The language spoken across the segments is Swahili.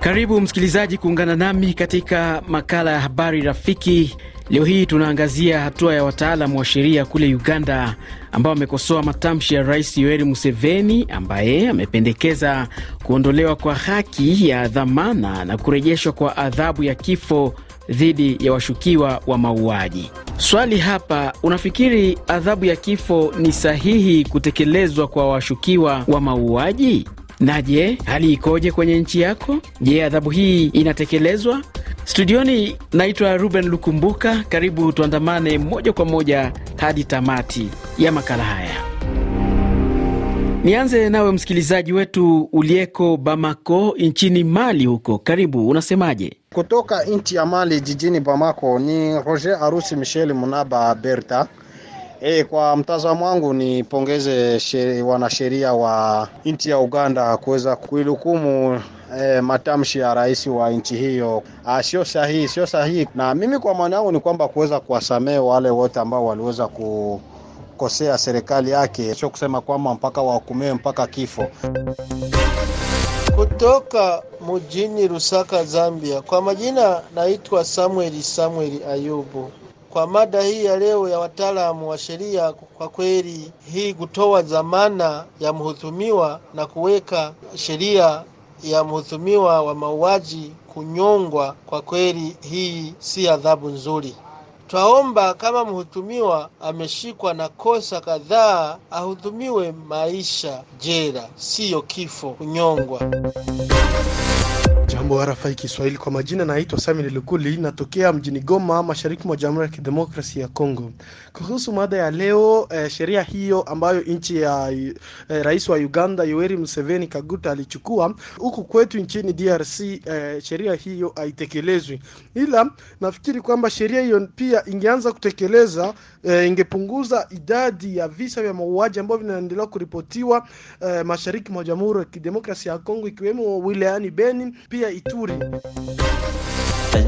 Karibu msikilizaji kuungana nami katika makala ya habari rafiki. Leo hii tunaangazia hatua ya wataalam wa sheria kule Uganda ambao wamekosoa matamshi ya Rais Yoweri Museveni ambaye amependekeza kuondolewa kwa haki ya dhamana na kurejeshwa kwa adhabu ya kifo dhidi ya washukiwa wa mauaji. Swali hapa, unafikiri adhabu ya kifo ni sahihi kutekelezwa kwa washukiwa wa mauaji? Na je, hali ikoje kwenye nchi yako? Je, adhabu hii inatekelezwa? Studioni naitwa Ruben Lukumbuka. Karibu tuandamane moja kwa moja hadi tamati ya makala haya. Nianze nawe msikilizaji wetu ulieko Bamako nchini Mali huko, karibu, unasemaje? Kutoka nchi ya Mali jijini Bamako ni Roger Arusi Michel Munaba Berta. E, kwa mtazamo wangu nipongeze wanasheria wa nchi ya Uganda kuweza kuilukumu E, matamshi ya rais wa nchi hiyo sio sahihi, sio sahihi. Na mimi kwa maana yangu ni kwamba kuweza kuwasamehe wale wote ambao waliweza ku kukosea serikali yake, sio kusema kwamba mpaka wahukumiwe mpaka kifo. Kutoka mjini Lusaka, Zambia, kwa majina naitwa Samueli Samueli Ayubu. Kwa mada hii ya leo ya wataalamu wa sheria, kwa kweli hii kutoa dhamana ya mhudhumiwa na kuweka sheria ya mhudhumiwa wa mauaji kunyongwa, kwa kweli hii si adhabu nzuri. Twaomba kama mhutumiwa ameshikwa na kosa kadhaa ahutumiwe maisha jela, siyo kifo, kunyongwa. Jambo RFI Kiswahili, kwa majina naitwa Samuel Lukuli, natokea mjini Goma, mashariki mwa Jamhuri ya Kidemokrasia ya Kongo. Kuhusu mada ya leo eh, sheria hiyo ambayo nchi ya eh, rais wa Uganda Yoweri Museveni Kaguta alichukua huku kwetu nchini DRC, eh, sheria hiyo haitekelezwi, ila nafikiri kwamba sheria hiyo pia ingeanza kutekeleza eh, ingepunguza idadi ya visa vya mauaji ambayo vinaendelea kuripotiwa eh, mashariki mwa Jamhuri ya Kidemokrasia ya Kongo, ikiwemo wilayani Beni pia Ituri.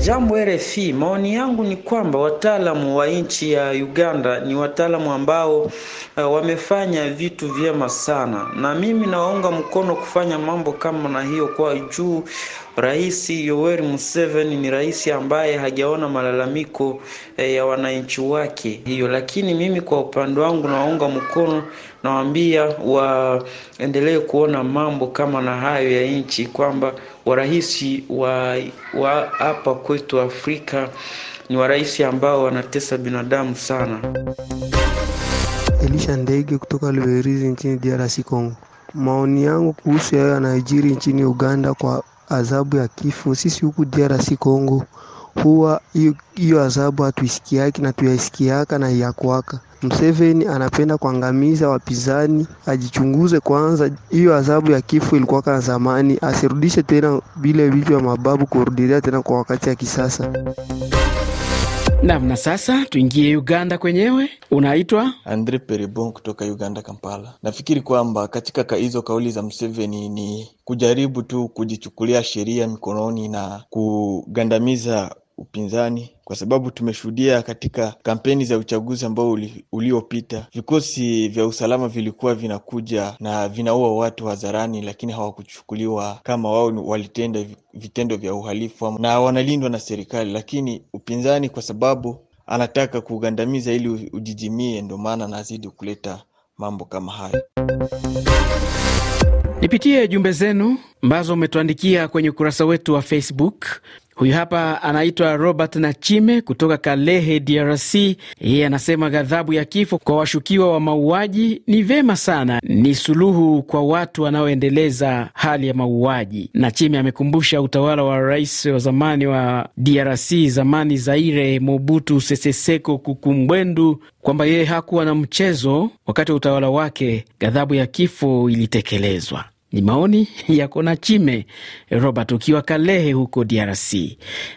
Jambo RFI, maoni yangu ni kwamba wataalamu wa nchi ya Uganda ni wataalamu ambao uh, wamefanya vitu vyema sana, na mimi nawaunga mkono kufanya mambo kama na hiyo kwa juu Rais Yoweri Museveni ni rais ambaye hajaona malalamiko eh, ya wananchi wake hiyo, lakini mimi kwa upande wangu nawaunga mkono, nawaambia waendelee kuona mambo kama na hayo ya nchi, kwamba warahisi wa hapa kwetu Afrika ni warahisi ambao wanatesa binadamu sana. Elisha Ndege kutoka Luberizi nchini DRC Congo. Maoni yangu kuhusu yayo yanayojiri nchini Uganda kwa adhabu ya kifo. Sisi huku DRC Congo huwa hiyo adhabu hatuisikiaki na tuyaisikiaka na iyakwaka. mseveni anapenda kuangamiza wapinzani, ajichunguze kwanza. Hiyo adhabu ya kifo ilikuwa kana zamani, asirudishe tena vile vitu vya mababu kurudilia tena kwa wakati ya kisasa. Nam, na sasa tuingie Uganda kwenyewe. Unaitwa Andre Peribon kutoka Uganda, Kampala. Nafikiri kwamba katika hizo kauli za Museveni ni kujaribu tu kujichukulia sheria mikononi na kugandamiza upinzani, kwa sababu tumeshuhudia katika kampeni za uchaguzi ambao uliopita vikosi vya usalama vilikuwa vinakuja na vinaua watu hadharani, lakini hawakuchukuliwa kama wao walitenda vitendo vya uhalifu na wanalindwa na serikali. Lakini upinzani kwa sababu anataka kugandamiza ili ujijimie, ndio maana anazidi kuleta mambo kama hayo. Nipitie jumbe zenu ambazo umetuandikia kwenye ukurasa wetu wa Facebook. Huyu hapa anaitwa Robert Nachime kutoka Kalehe, DRC. Yeye anasema ghadhabu ya kifo kwa washukiwa wa mauaji ni vema sana, ni suluhu kwa watu wanaoendeleza hali ya mauaji. Nachime amekumbusha utawala wa rais wa zamani wa DRC zamani Zaire, Mobutu Sese Seko Kukumbwendu kwamba yeye hakuwa na mchezo wakati wa utawala wake, ghadhabu ya kifo ilitekelezwa. Ni maoni ya kona Chime Robert ukiwa Kalehe huko DRC.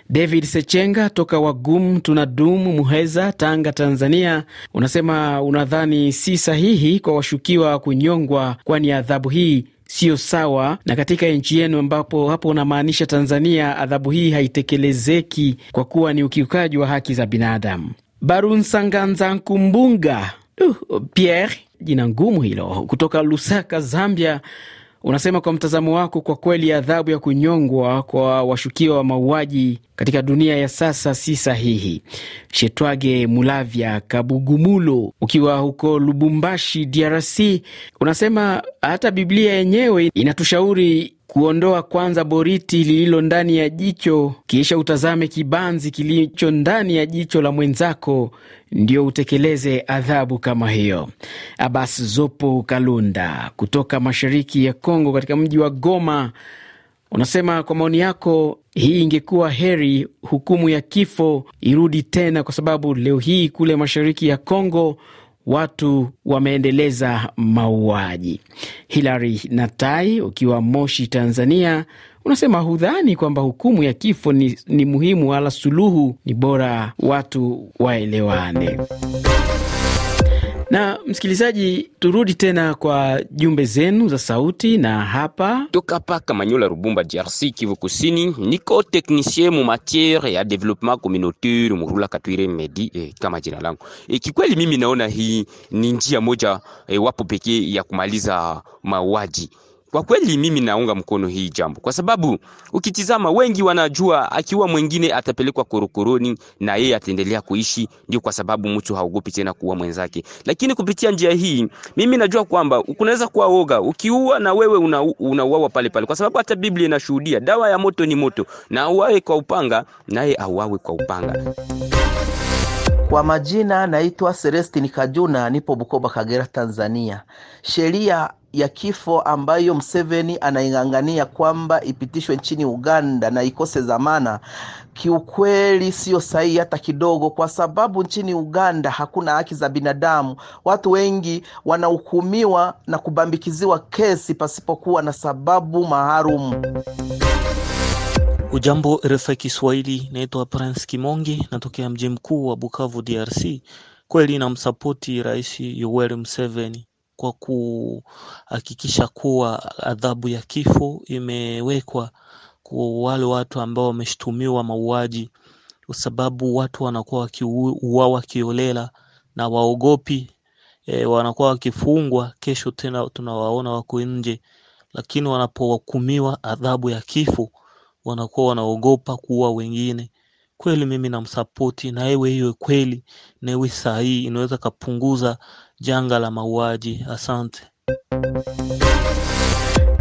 David Sechenga toka Wagum dum Muheza, Tanga, Tanzania, unasema unadhani si sahihi kwa washukiwa kunyongwa, kwani adhabu hii siyo sawa, na katika nchi yenu ambapo hapo unamaanisha Tanzania, adhabu hii haitekelezeki kwa kuwa ni ukiukaji wa haki za binadamu. Barunsanganzankumbunga uh, Pierre, jina ngumu hilo, kutoka Lusaka, Zambia Unasema kwa mtazamo wako, kwa kweli adhabu ya kunyongwa kwa washukiwa wa mauaji katika dunia ya sasa si sahihi. Shetwage Mulavya Kabugumulo, ukiwa huko Lubumbashi, DRC, unasema hata Biblia yenyewe inatushauri kuondoa kwanza boriti lililo ndani ya jicho, kisha utazame kibanzi kilicho ndani ya jicho la mwenzako, ndio utekeleze adhabu kama hiyo. Abas Zopo Kalunda kutoka mashariki ya Kongo, katika mji wa Goma, unasema kwa maoni yako, hii ingekuwa heri hukumu ya kifo irudi tena, kwa sababu leo hii kule mashariki ya Kongo watu wameendeleza mauaji. Hilary Natai, ukiwa Moshi, Tanzania, unasema hudhani kwamba hukumu ya kifo ni, ni muhimu wala suluhu, ni bora watu waelewane. Na msikilizaji, turudi tena kwa jumbe zenu za sauti na hapa toka paka Manyola Rubumba, DRC, Kivu Kusini. Niko teknisie mu matiere ya developpement communautaire Murula Katwire Medi eh, kama jina langu eh, kikweli mimi naona hii ni njia moja eh, wapo pekee ya kumaliza mauaji kwa kweli mimi naunga mkono hii jambo, kwa sababu ukitizama, wengi wanajua akiwa mwingine atapelekwa korokoroni na yeye ataendelea kuishi, ndio kwa sababu mtu haogopi tena kuua mwenzake. Lakini kupitia njia hii, mimi najua kwamba unaweza kuwa woga, ukiua na wewe unauawa una pale pale, kwa sababu hata Biblia inashuhudia dawa ya moto ni moto, na auawe kwa upanga naye auawe kwa upanga. Kwa majina naitwa Celestine Kajuna, nipo Bukoba, Kagera, Tanzania. Sheria ya kifo ambayo mseveni anaing'ang'ania kwamba ipitishwe nchini Uganda na ikose dhamana, kiukweli siyo sahihi hata kidogo, kwa sababu nchini Uganda hakuna haki za binadamu. Watu wengi wanahukumiwa na kubambikiziwa kesi pasipokuwa na sababu maalum. Ujambo RFI Kiswahili, naitwa Prince Kimongi, natokea mji mkuu wa Bukavu, DRC. Kweli namsapoti Rais Yoweri Museveni kwa kuhakikisha kuwa adhabu ya kifo imewekwa kwa wale watu ambao wameshtumiwa mauaji, kwa sababu watu wanakuwa wakiuawa kiolela na waogopi e, wanakuwa wakifungwa, kesho tena tunawaona wako nje, lakini wanapohukumiwa adhabu ya kifo wanakuwa wanaogopa kuua wengine kweli mimi namsapoti na ewe hiyo kweli na ewe saa inaweza kapunguza janga la mauaji asante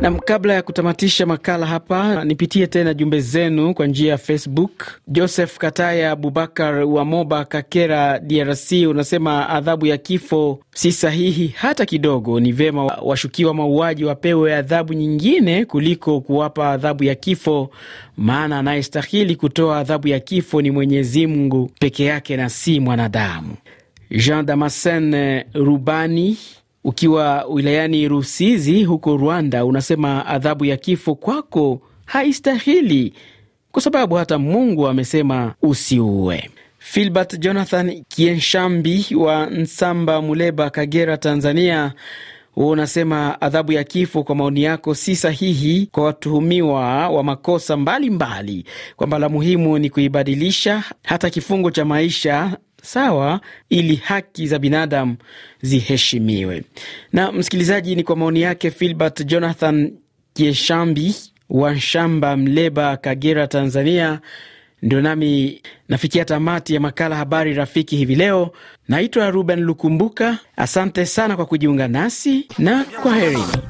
Nam, kabla ya kutamatisha makala hapa, nipitie tena jumbe zenu kwa njia ya Facebook. Joseph Kataya Abubakar wa Moba Kakera, DRC, unasema adhabu ya kifo si sahihi hata kidogo. Ni vyema washukiwa mauaji wapewe adhabu nyingine kuliko kuwapa adhabu ya kifo, maana anayestahili kutoa adhabu ya kifo ni Mwenyezi Mungu peke yake na si mwanadamu. Jean Damasen Rubani ukiwa wilayani Rusizi huko Rwanda, unasema adhabu ya kifo kwako haistahili kwa sababu hata Mungu amesema usiue. Filbert Jonathan Kienshambi wa Nsamba, Muleba, Kagera, Tanzania, unasema adhabu ya kifo kwa maoni yako si sahihi kwa watuhumiwa wa makosa mbalimbali, kwamba la muhimu ni kuibadilisha hata kifungo cha maisha sawa ili haki za binadamu ziheshimiwe. Na msikilizaji, ni kwa maoni yake Filbert Jonathan Kieshambi wa Shamba, Mleba, Kagera, Tanzania. Ndio nami nafikia tamati ya makala Habari Rafiki hivi leo. Naitwa Ruben Lukumbuka, asante sana kwa kujiunga nasi na kwa herini